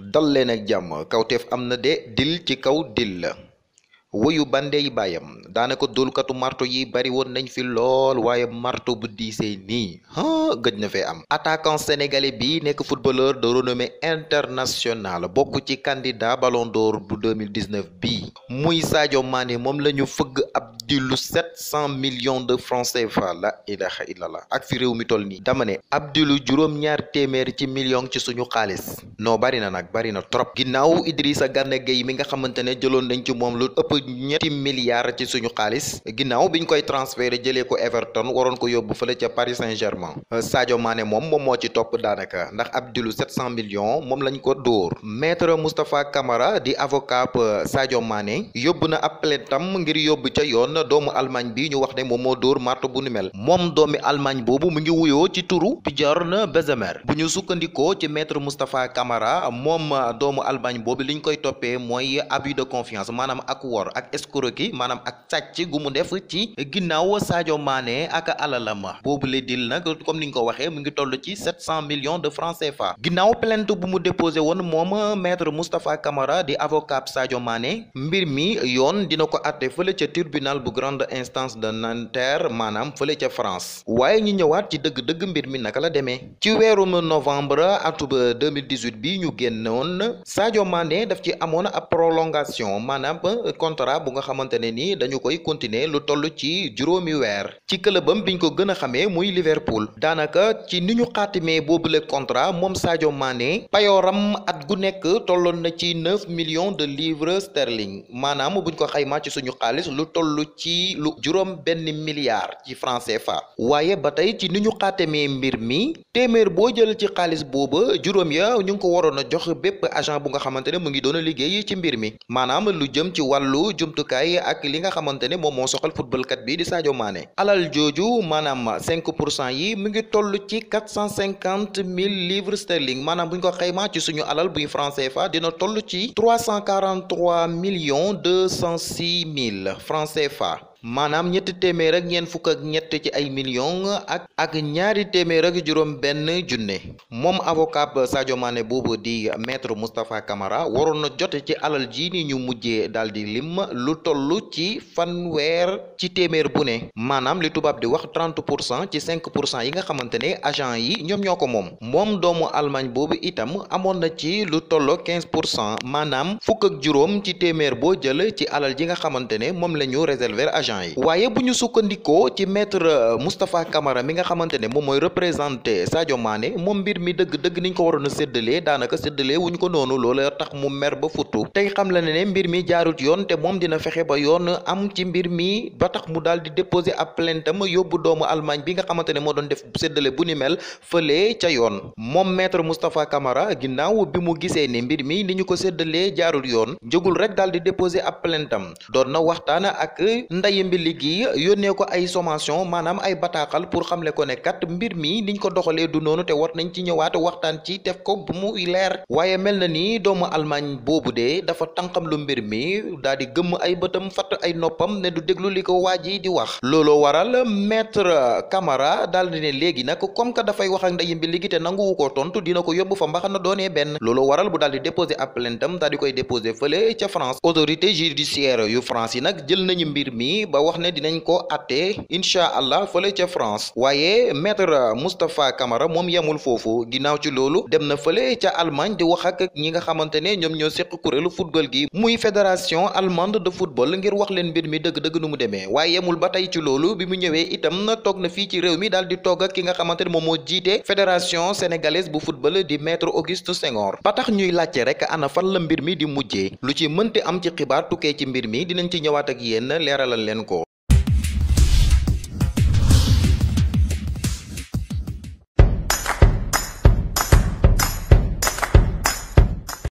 dal leen ak jàmm kawteef am na de dil ci kaw dil la woyu bandey baayam daanaka dóolkatu marto yi bari woon nañ fi lool waaye marto bu diisee nii ah gëj na fee am. attaquant sénégalais bi nekk footballeur de renommée internationale bokk ci candidat ballon d'or bu 2019 bi muy Sadio Mané moom la ñu fëgg ab dilu sept cent millions de francs CFA la ilaha illallah ak fi réew mi toll nii dama ne ab juróom-ñaar téeméer ci million ci suñu xaalis non bari na nag bari na trop ginnaaw Idrissa Gana Gueye mi nga xamante ne jëloon nañ ci moom lu ëpp ñetti milliards ci suñu xaalis ginnaaw bi ñu koy transféré jëlee ko Everton waroon ko yóbbu fële ca Paris Saint-Germain Sadio maane moom moom moo ci topp daanaka ndax ab dilu cent millions moom lañ ko dóor maître Moustapha Mané yóbbu na ab plaintam ngir yóbbu ca yoon doomu Allemagne bi ñu wax ne moom moo door marto bu nu mel moom doomi Allemagne boobu mu ngi wuyoo ci turu Bjorn Bezemer bu ñu sukkandikoo ci maître Moustapha Camara moom doomu Allemagne boobu liñ koy toppee mooy abus de confiance maanaam ak wor ak escroquerie maanaam ak sàcc gu mu def ci ginnaaw Sadio Mané ak alalam boobu la dil nag comme niñ ko waxee mu ngi toll ci sept cent millions de francs CFA ginnaaw plainte bu mu déposé woon moom maître Moustapha Camara di avocat Sadio Mané mbir mi yoon dina ko àtte fële ca tirbinal bu grande instance de Nanterre maanaam fële ca France waaye ñu ñëwaat ci dëgg-dëgg mbir mi naka la demee ci weerum novembre atub 2018 bi ñu génnoon Sadio Mané daf ci amoon ab prolongation maanaam contrat bu nga xamante ne ni dañu koy continuer lu toll ci juróomi weer ci këlëbam biñ ko gën a xamee muy Liverpool daanaka ci ni ñu xaatimee boobule contrat moom Sadio Mané payooram at gu nekk tolloon na ci 9 millions de livres sterling maanaam buñ ko xaymaa ci suñu xaalis lu tollu ci lu juróom benn milliard ci franc fa waaye ba tey ci ni ñu xaatamee mbir mi téeméer boo jël ci xaalis booba juróom ya ñu ngi ko waroon a jox bépp agent bu nga xamante ne mu ngi doon a liggéey ci mbir mi maanaam lu jëm ci wàllu jumtukaay ak li nga xamante ne moom moo soxal footballkat bi di Sadio Mané alal jooju maanaam cinq pour cent yi mu ngi toll ci quatre cent cinquante mille livres sterling maanaam buñ ko xaymaa ci suñu alal buy franc CFA dina toll ci trois millions deux cent six mille francs CFA maanaam ñett téeméer ak ñeent fukk ak ñett ci ay million ak ak ñaari téeméer ak juróom benn junne moom avocat Sadio boobu di maître Moustapha kamara waroon na jot ci alal ji ni ñu mujjee daal di lim lu toll ci fanweer ci téeméer bu ne maanaam li tubaab di wax 30 pour cent ci 5 pour cent yi nga xamante ne agent yi ñoom ñoo ko moom moom doomu Allemagne boobu itam amoon na ci lu tolloo 15 pour cent maanaam fukk ak juróom ci téeméer boo jël ci alal ji nga xamante ne moom la réserver agent agents yi waaye bu ñu sukkandikoo ci maître euh, Moustapha kamara mi nga xamante ne moom mooy représenté Sadio Mané moom mbir mi dëgg-dëgg niñ ko waroon a séddalee daanaka séddalee wuñ ko noonu loola tax mu mer ba futtu tey xam la ne ne mbir mi jaarut yoon te moom dina fexe ba yoon am ci mbir mi ba tax mu daal di déposer ab plainte am yóbbu doomu Allemagne bi nga xamante ne moo doon def séddale bu ni mel fële ca yoon moom maître Moustapha kamara ginnaaw bi mu gisee ne mbir mi ni ñu ko séddalee jaarut yoon jógul rek daal di déposer yee mbili gi yónnee ko ay sommation maanaam ay bataaxal pour xamle ko ne kat mbir mi niñ ko doxalee du noonu te war nañ ci ñëwaat waxtaan ci def ko bu mu leer waaye mel na ni doomu Allemagne boobu de dafa tanqam lu mbir mi daal di gëmm ay bëtam fat ay noppam ne du déglu li ko waa ji di wax looloo waral maître Camara daal di ne léegi nag comme que dafay wax ak ndey mbili gi te nanguwu ko tontu dina ko yóbbu fa mbaxana doonee benn looloo waral bu daal di déposé ab plaintam daal di koy déposé fële ca France autorité judiciaire yu France ba wax ne dinañ ko àtte incha allah fële ca France waaye maître Moustapha Camara moom yemul foofu ginnaaw ci loolu dem na fële ca Allemagne di wax ak ñi nga xamante ne ñoom ñoo seq kuréelu football gi muy fédération allemande de football ngir wax leen mbir mi dëgg-dëgg nu mu demee waaye yemul ba tey ci loolu bi mu ñëwee itam toog na fii ci réew mi daal di toog ak ki nga xamante ne moom moo jiite fédération sénégalaise bu football di maître Auguste Senghor ba tax ñuy laajte rek ana fan la mbir mi di mujjee lu ci mënti am ci xibaar ci mbir mi dinañ ci ñëwaat ak yéen leeralal leen 果